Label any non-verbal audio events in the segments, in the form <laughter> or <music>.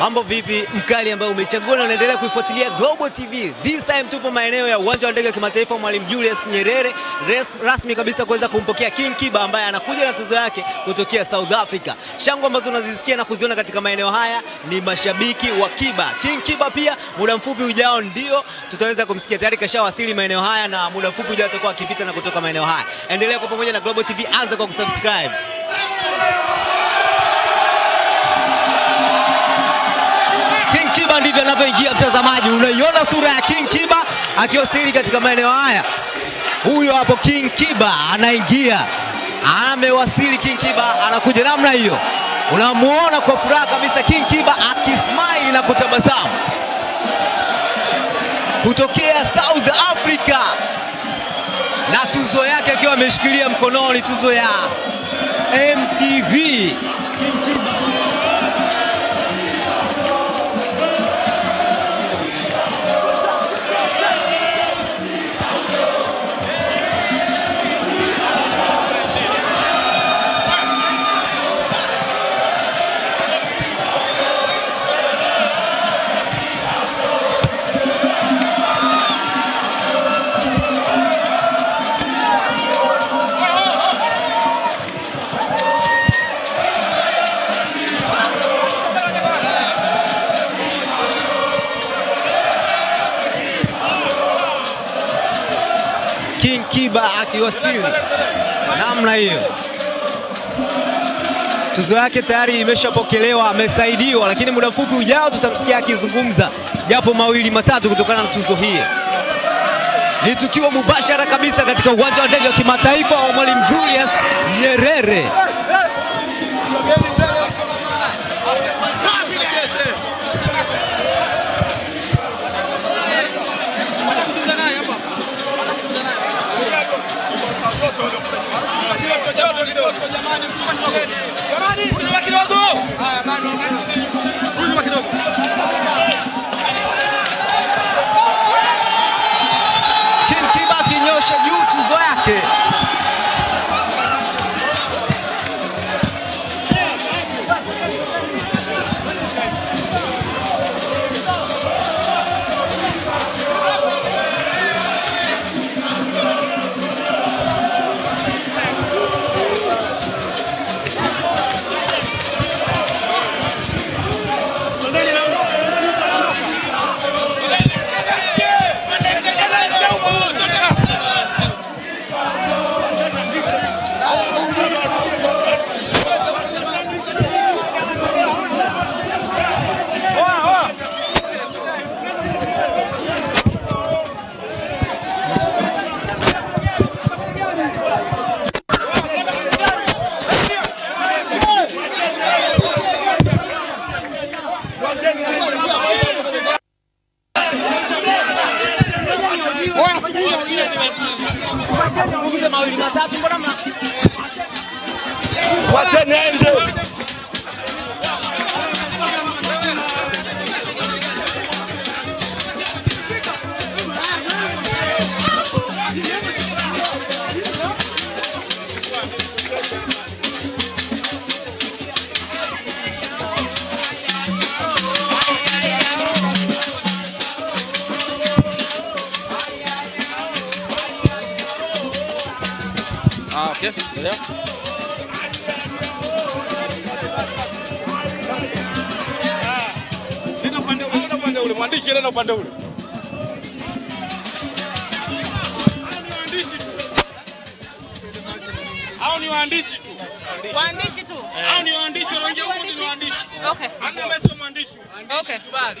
Mambo vipi, mkali ambayo umechagua na unaendelea kuifuatilia Global TV. This time tupo maeneo ya uwanja wa ndege wa kimataifa Mwalimu Julius Nyerere res, rasmi kabisa kuweza kumpokea King Kiba ambaye anakuja na tuzo yake kutokea South Africa. Shangwe ambazo unazisikia na kuziona katika maeneo haya ni mashabiki wa Kiba. King Kiba pia muda mfupi ujao ndio tutaweza kumsikia, tayari kashawasili maeneo haya na muda mfupi ujao atakuwa akipita na kutoka maeneo haya. Endelea kwa pamoja na Global TV, anza kwa kusubscribe. ndivyo anavyoingia mtazamaji. Unaiona sura ya King Kiba akiwasili katika maeneo haya. Huyo hapo King Kiba anaingia, amewasili King Kiba anakuja namna hiyo, unamuona kwa furaha kabisa King Kiba akismile na kutabasamu kutokea South Africa na tuzo yake akiwa ameshikilia mkononi, tuzo ya MTV. wa siri namna hiyo. Tuzo yake tayari imeshapokelewa, amesaidiwa, lakini muda mfupi ujao tutamsikia akizungumza japo mawili matatu kutokana na tuzo hii. Ni tukio mubashara kabisa katika uwanja wa ndege wa kimataifa wa Mwalimu Julius Nyerere. Ah, okay. Endelea. Nenda upande upande ule. Mwandishi ni waandishi tu. Waandishi tu. Hao ni waandishi, wanaingia huko ni waandishi. Okay. Hata mimi sio mwandishi. Okay. Basi.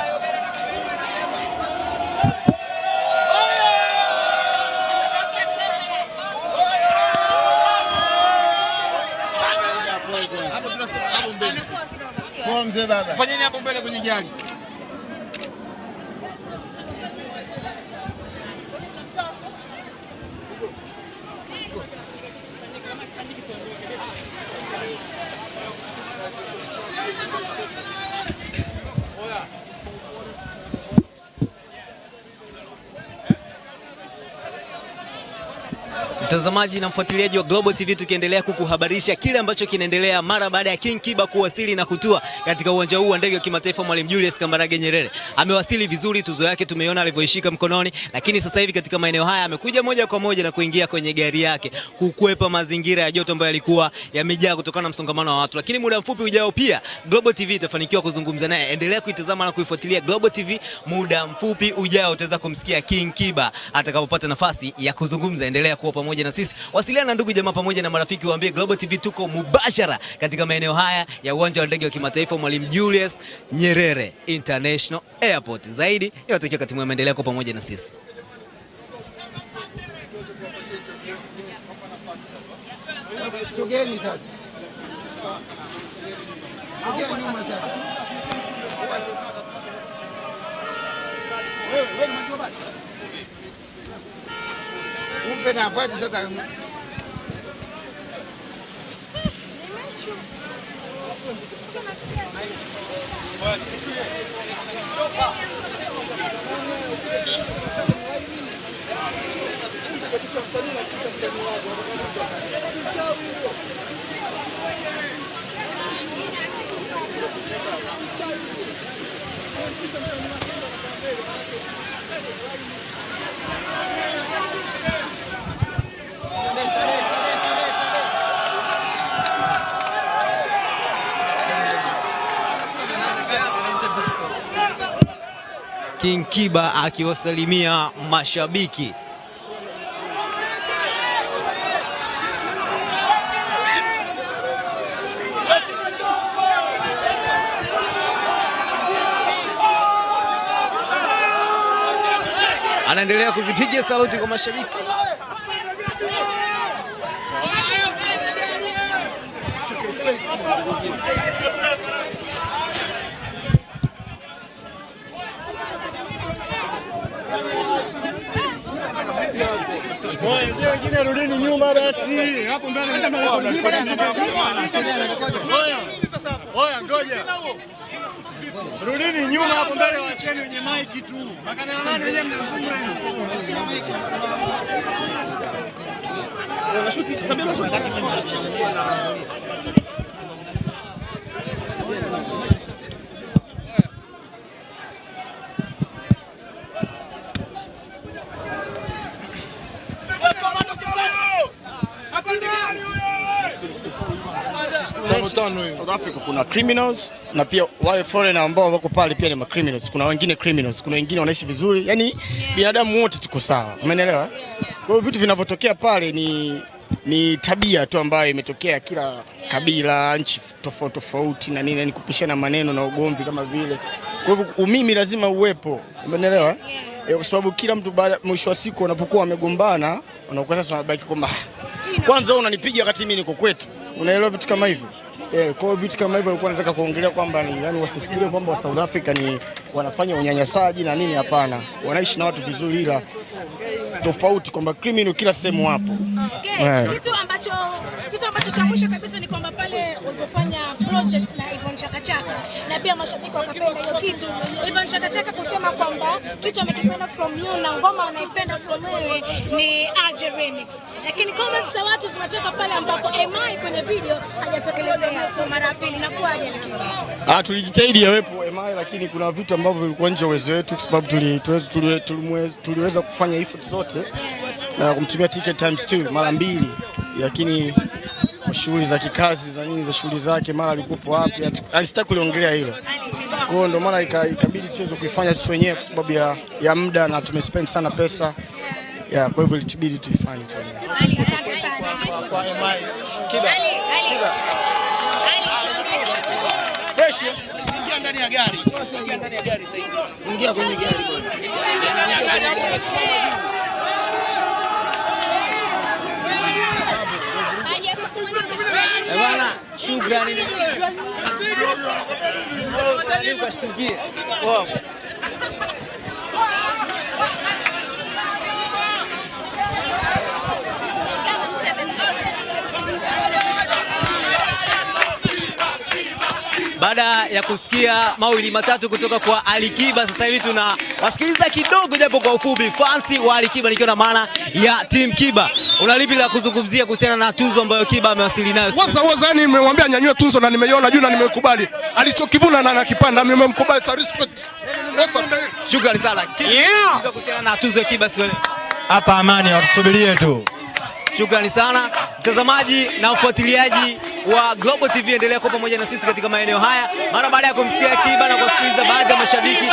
mzee baba. Fanyeni hapo mbele kwenye gari. Mtazamaji na mfuatiliaji wa Global TV tukiendelea kukuhabarisha kile ambacho kinaendelea mara baada ya King Kiba kuwasili na kutua katika uwanja huu wa ndege wa kimataifa Mwalimu Julius Kambarage Nyerere. Amewasili vizuri, tuzo yake tumeiona alivyoishika mkononi, lakini sasa hivi katika maeneo haya amekuja moja kwa moja na kuingia kwenye gari yake kukwepa mazingira ya joto ambayo yalikuwa yamejaa kutokana na msongamano wa watu. Lakini muda mfupi ujao pia Global TV itafanikiwa kuzungumza naye. Endelea kuitazama na kuifuatilia Global TV, muda mfupi ujao utaweza kumsikia King Kiba atakapopata nafasi ya kuzungumza. Endelea kuwa pamoja pamoja na sisi, wasiliana na ndugu jamaa pamoja na marafiki, waambie Global TV tuko mubashara katika maeneo haya ya uwanja wa ndege wa kimataifa Mwalimu Julius Nyerere International Airport. Zaidi yote katimu ameendelea kwa pamoja na sisi. Sogeni sasa. Sogeni nyuma sasa. переходишь это. Thank you. King Kiba akiwasalimia mashabiki. Anaendelea kuzipiga saluti kwa mashabiki. Wengine rudini nyuma basi, hapo ndani. Oya, ngoja, rudini nyuma hapo mbele, wacheni wenye maiki tu. Makamera nani wenyewe mnazungumza? Africa kuna criminals na pia wale foreigner ambao wako pale pia ni ma criminals. Kuna wengine criminals, kuna wengine wanaishi vizuri, yaani binadamu wote tuko sawa, umeelewa? Kwa hiyo vitu vinavyotokea pale ni ni tabia tu ambayo imetokea kila kabila, nchi tofauti tofauti na nini, ni yaani kupishana maneno na ugomvi kama vile. Kwa hivyo umimi lazima uwepo, umeelewa? E, Kwa sababu kila mtu baada mwisho wa siku wanapokuwa wamegombana wanakuwa sasa wanabaki kwamba ah, kwanza wewe unanipiga wakati mimi niko kwetu, unaelewa vitu kama hivyo. Eh, kwa vitu kama hivyo nilikuwa wanataka kuongelea kwamba ni yani wasifikirie kwamba South Africa ni wanafanya unyanyasaji na nini, hapana. Wanaishi na watu vizuri ila tofauti kwamba criminal kila sehemu hapo. Okay. Yeah. Kitu ambacho kitu cha mwisho kabisa ni kwamba pale ulipofanya project na Ivon Chakachaka na pia mashabiki wakapenda hiyo kitu. Ivon Chakachaka kusema kwamba kitu amekipenda from you na ngoma anaipenda from wewe ni Aje Remix. Lakini comments za watu zimetoka pale ambapo MI kwenye video hajatokelezea kwa mara ya pili na kuaje lakini. Ah, tulijitahidi yawepo MI lakini kuna vitu ambavyo vilikuwa nje uwezo wetu kwa sababu tuliweza kufanya effort zote na kumtumia ticket times 2 mara mbili lakini shughuli za kikazi za nini za shughuli zake, mara alikupo wapi, alistaki kuliongelea hilo. Kwa hiyo ndio maana ikabidi tuweze kuifanya sisi wenyewe kwa sababu ya, ya muda na tumespend sana pesa ya, kwa hivyo ilitibidi tuifanye tu. Ingia kwenye gari. ukashtukie baada ya kusikia mawili matatu kutoka kwa Alikiba, sasa hivi tuna wasikiliza kidogo, japo kwa ufupi, fansi wa Alikiba, nikiwa na maana ya Team Kiba lipi la kuzungumzia kuhusiana na tuzo ambayo Kiba amewasili nayo? Waza waza, yani nimemwambia nyanyue tuzo na nimeiona juu na nimekubali alichokivuna na nakipanda, mimi nimemkubali sa respect. Shukrani sana. Kuhusiana na tuzo ya Kiba siku leo. Hapa amani wasubirie tu. Shukrani sana mtazamaji na mfuatiliaji wa Global TV, endelea kuwa pamoja na sisi katika maeneo haya. Mara baada ya kumsikia Kiba na kusikiliza baadhi ya mashabiki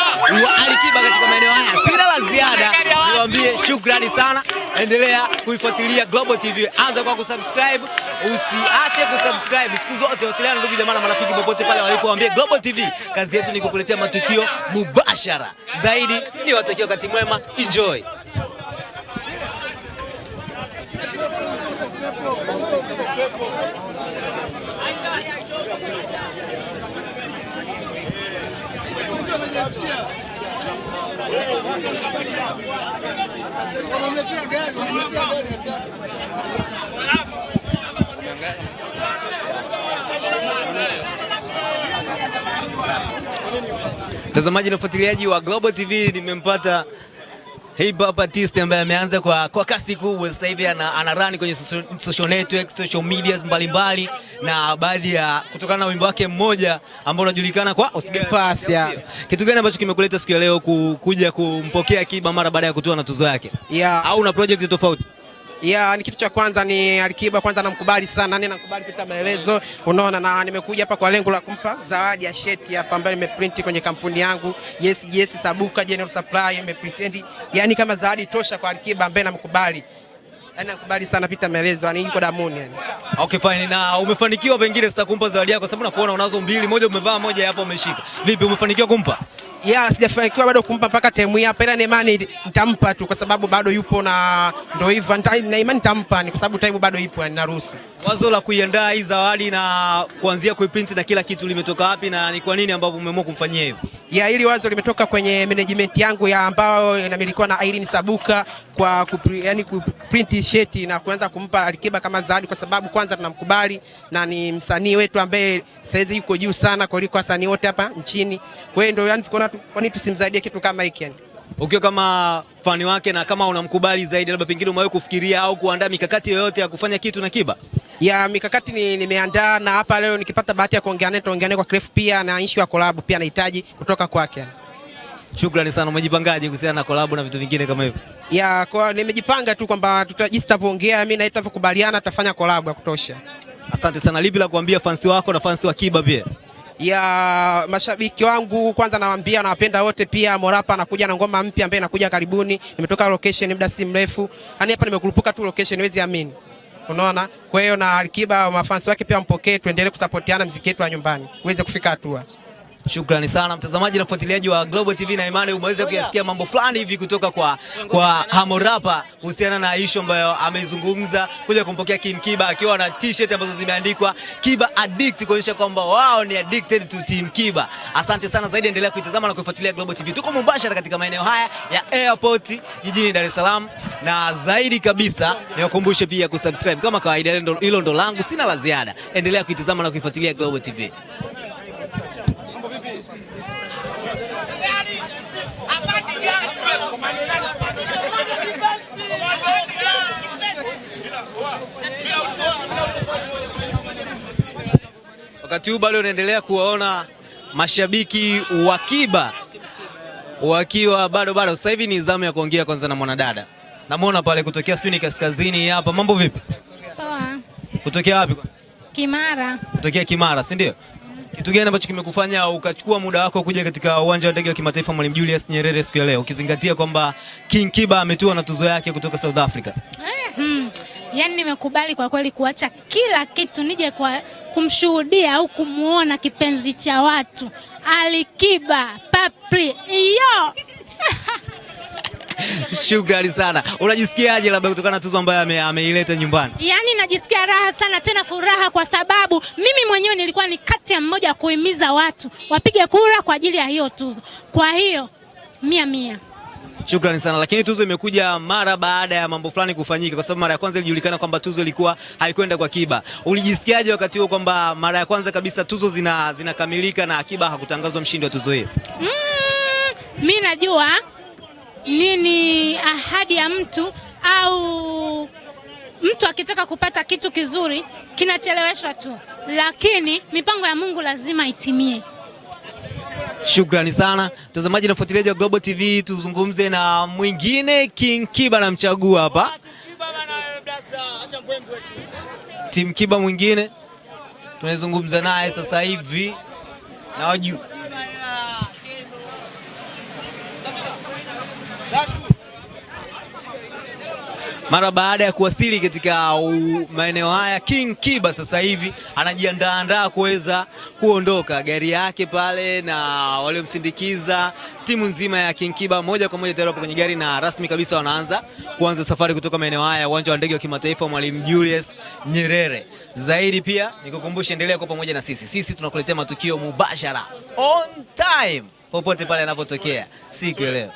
wa Ali Kiba katika maeneo haya, sina la ziada, niwaambie shukrani sana. Endelea kuifuatilia Global TV, anza kwa kusubscribe, usiache kusubscribe siku zote. Wasiliana na ndugu jamaa na marafiki popote pale walipo, waambie Global TV kazi yetu ni kukuletea matukio mubashara zaidi. Ni watakia wakati mwema, enjoy. Mtazamaji na ufuatiliaji wa Global TV nimempata Hip Hop artist ambaye ameanza kwa, kwa kasi kubwa sasa hivi ana, ana run kwenye social, social networks, social medias mbalimbali na baadhi ya kutokana na wimbo wake mmoja ambao unajulikana kwa Usigepasia. Kitu gani ambacho kimekuleta siku ya leo kuja kumpokea Kiba mara baada ya kutoa na tuzo yake? Yeah. Au una project tofauti? Yeah, ni kitu cha kwanza ni Alikiba kwanza namkubali sana, nani namkubali pita maelezo, unaona, na nimekuja hapa kwa lengo la kumpa zawadi ya sheti hapa ambayo nimeprint kwenye kampuni yangu Yes Yes Sabuka General Supply, nimeprint yani kama zawadi tosha kwa Alikiba ambaye namkubali. Yaani nakubali sana pita maelezo, yani yuko damuni yani. Okay fine, na umefanikiwa pengine sasa kumpa zawadi yako, sababu nakuona unazo mbili, moja umevaa moja hapo umeshika. Vipi umefanikiwa kumpa? ya sijafanikiwa bado kumpa mpaka time hii hapa, ila na imani nitampa tu, kwa sababu bado yupo na ndio hivyo, na imani nitampa ni kwa sababu time bado ipo, na ruhusa. Wazo la kuiandaa hii zawadi na kuanzia kuiprint na kila kitu limetoka wapi, na ni kwa nini ambapo umeamua kumfanyia hivyo? ya hili wazo limetoka kwenye management yangu ya ambayo inamilikiwa na Irene Sabuka kwa kupri, yani kuprint shirt na kuanza kumpa Alikiba kama zawadi, kwa sababu kwanza tunamkubali na ni msanii wetu ambaye saizi yuko juu sana kuliko wasanii wote hapa nchini. Kwa hiyo ndio yani tukaona kwa nini tusimsaidie kitu kama hiki yani. Ukiwa kama fani wake na kama unamkubali zaidi, labda pengine umewahi kufikiria au kuandaa mikakati yoyote ya kufanya kitu na Kiba? ya mikakati nimeandaa ni na hapa leo nikipata bahati ya kuongea naye tuongeane kwa kirefu, pia na issue ya collab pia nahitaji kutoka kwake. Shukrani sana. Umejipangaje kuhusiana na collab na vitu vingine kama hivyo? Ya kwa nimejipanga tu kwamba tutajista tutaongea mimi na yeye tutakubaliana tutafanya collab ya kutosha. Asante sana. Lipi la kuambia fans wako na fans wa Kiba pia? ya mashabiki wangu kwanza, nawaambia nawapenda wote. Pia Morapa anakuja na ngoma mpya ambayo inakuja karibuni. Nimetoka location muda si mrefu, yani hapa nimekurupuka tu location, huwezi amini unaona. Kwa hiyo na Alikiba mafansi wake pia mpokee, tuendelee kusapotiana mziki wetu wa nyumbani uweze kufika hatua. Shukrani sana mtazamaji na mfuatiliaji wa Global TV na imani umeweza kuyasikia mambo fulani hivi kutoka kwa, kwa Hamorapa kuhusiana na ishu ambayo ameizungumza kuja kumpokea Kim Kiba akiwa na t-shirt ambazo zimeandikwa Kiba Addict kuonyesha kwamba wao ni addicted to Team Kiba. Asante sana zaidi, endelea kuitazama na kuifuatilia Global TV. Tuko mubashara katika maeneo haya ya airport jijini Dar es Salaam, na zaidi kabisa niwakumbushe pia kusubscribe kama kawaida. Hilo ndo langu, sina la ziada. Endelea kuitazama na kuifuatilia Global TV. Wakati huu bado unaendelea kuwaona mashabiki wa Kiba wakiwa bado bado. Sasa hivi ni zamu ya kuongea kwanza na mwanadada, namwona pale kutokea spini kaskazini hapa. Mambo vipi? Poa. Kutokea wapi kwanza? Kimara. Kutokea Kimara, si ndio? Kitu gani ambacho kimekufanya ukachukua muda wako kuja katika uwanja wa ndege wa kimataifa Mwalimu Julius Nyerere siku ya leo, ukizingatia kwamba King Kiba ametua na tuzo yake kutoka South Africa? Eh, hmm yani nimekubali kwa kweli kuacha kila kitu nije kwa kumshuhudia au kumwona kipenzi cha watu Alikiba Papri iyo. <laughs> Shukrani sana. Unajisikiaje labda kutokana na tuzo ambayo ameileta nyumbani? Yaani najisikia raha sana tena furaha kwa sababu mimi mwenyewe nilikuwa ni kati ya mmoja kuhimiza watu wapige kura kwa ajili ya hiyo tuzo. Kwa hiyo mia mia. Shukrani sana, lakini tuzo imekuja mara baada ya mambo fulani kufanyika, kwa sababu mara ya kwanza ilijulikana kwamba tuzo ilikuwa haikwenda kwa kiba Ulijisikiaje wakati huo kwamba mara ya kwanza kabisa tuzo zina zinakamilika na Akiba hakutangazwa mshindi wa tuzo hiyo? Mm, mi najua nini ahadi ya mtu au mtu akitaka kupata kitu kizuri kinacheleweshwa tu, lakini mipango ya Mungu lazima itimie. Shukrani sana mtazamaji na mfuatiliaji wa Global TV, tuzungumze na mwingine King Kiba na mchagua hapa Tim Kiba mwingine tunazungumza naye sasa hivi na waju mara baada ya kuwasili katika maeneo haya. King Kiba sasa hivi anajiandaandaa kuweza kuondoka gari yake pale, na waliomsindikiza timu nzima ya King Kiba moja kwa moja tayari kwenye gari na rasmi kabisa wanaanza kuanza safari kutoka maeneo haya, uwanja wa ndege wa kimataifa Mwalimu Julius Nyerere. Zaidi pia nikukumbushe, endelea kuwa pamoja na sisi, sisi tunakuletea matukio mubashara on time popote pale yanapotokea siku ya leo.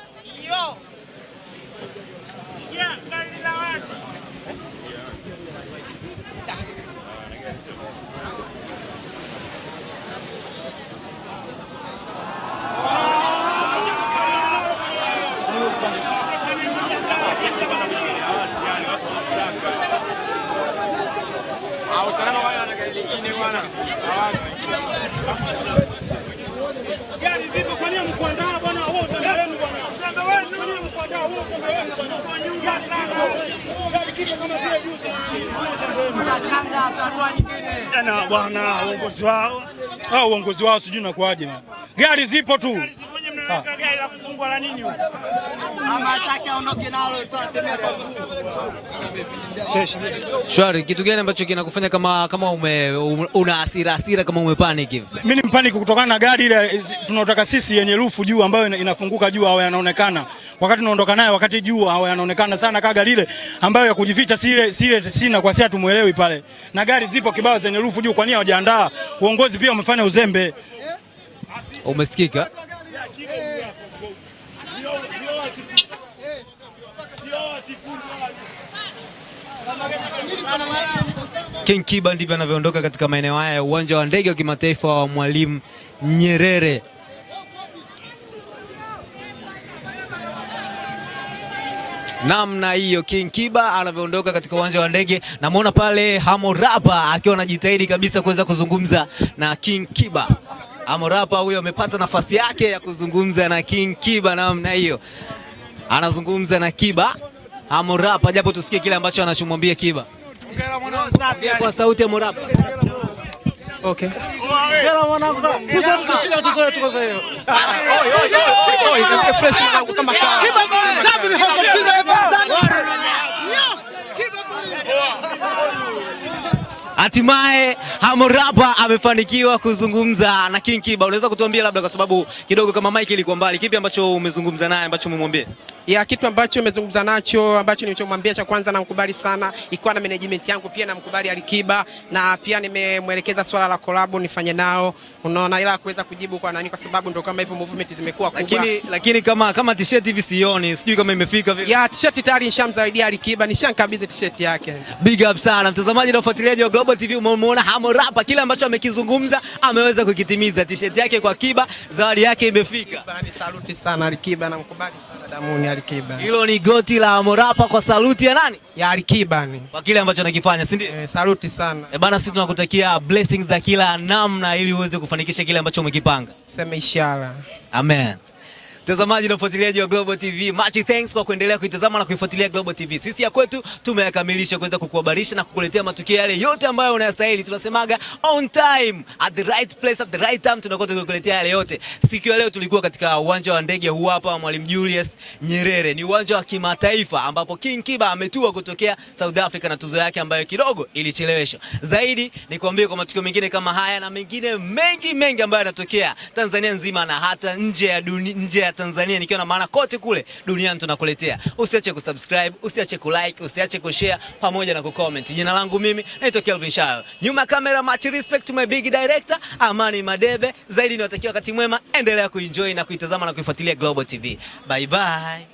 au uongozi wao sijui nakuaje. Gari zipo tu la kufungwa la nini huko? Ama atake aondoke nalo atatembea kwa nguvu. Shwari, kitu gani ambacho kinakufanya kama kama ume, um, una hasira hasira kama umepanic hivi? Mimi ni mpanic kutokana na gari ile tunaotaka sisi yenye rufu juu ambayo inafunguka juu au yanaonekana. Wakati tunaondoka naye wakati juu au yanaonekana sana kaga gari ile ambayo ya kujificha si ile si ile sina kwa sasa tumuelewi pale. Na gari zipo kibao zenye rufu juu kwa nini hawajaandaa? Uongozi pia umefanya uzembe. Umesikika? King Kiba ndivyo anavyoondoka katika maeneo haya ya uwanja wa ndege wa kimataifa wa Mwalimu Nyerere. Namna hiyo King Kiba anavyoondoka katika uwanja wa ndege. Namwona pale Hamorapa akiwa anajitahidi kabisa kuweza kuzungumza na King Kiba. Hamorapa huyo amepata nafasi yake ya kuzungumza na King Kiba, namna hiyo anazungumza na Kiba Hamorapa, japo tusikie kile ambacho anachomwambia Kiba. Kwa sauti Morab. Okay. Hatimaye Harmorapa amefanikiwa kuzungumza na King Kiba. Unaweza kutuambia labda, kwa sababu kidogo kama mike ilikuwa mbali, kipi ambacho umezungumza naye ambacho umemwambia? Ya kitu ambacho umezungumza nacho ambacho nilichomwambia cha kwanza, namkubali sana, ikiwa na management yangu pia namkubali Alikiba, na pia nimemwelekeza swala la collab nifanye nao, unaona, ila kuweza kujibu kwa nani, kwa sababu ndio kama hivyo movement zimekuwa kubwa, lakini lakini kama kama t-shirt hivi sioni, sijui kama imefika vipi. Ya t-shirt tayari nishamzaidia Alikiba, nishankabidhi t-shirt yake. Big up sana mtazamaji na ufuatiliaji wa Global Global TV umemwona Harmorapa, kile ambacho amekizungumza ameweza kukitimiza. T-shirt yake kwa Kiba, zawadi yake imefika. Saluti sana Alikiba, namkubali sana damuni Alikiba. Hilo ni goti la Harmorapa kwa saluti ya nani? Ya Alikiba ni. Kwa kile ambacho anakifanya, si ndio? Eh, saluti sana. Eh, bana sisi tunakutakia blessings za kila namna ili uweze kufanikisha kile ambacho umekipanga. Sema ishara. Amen. Mtazamaji na mfuatiliaji wa Global TV, much thanks kwa kuendelea kuitazama na kuifuatilia Global TV. Sisi ya kwetu tumeyakamilisha kuweza kukuhabarisha na kukuletea matukio yale yote ambayo unayastahili. Tunasemaga on time at the right place at the right time, tunakuwa tukikuletea yale yote. Siku ya leo tulikuwa katika uwanja wa ndege huu hapa wa Mwalimu Julius Nyerere, ni uwanja wa kimataifa ambapo King Kiba ametua kutokea South Africa na tuzo yake ambayo kidogo ilicheleweshwa. Zaidi nikwambie kwa matukio mengine kama haya na mengine mengi mengi ambayo yanatokea Tanzania nzima na hata nje ya dunia, nje ya Tanzania, nikiwa na maana kote kule duniani tunakuletea. Usiache kusubscribe, usiache kulike, usiache kushare pamoja na kucomment. Jina langu mimi naitwa Kelvin Shayo, nyuma ya kamera, much respect to my big director Amani Madebe. Zaidi niwatakia wakati mwema, endelea kuenjoy na kuitazama na kuifuatilia Global TV. Bye bye.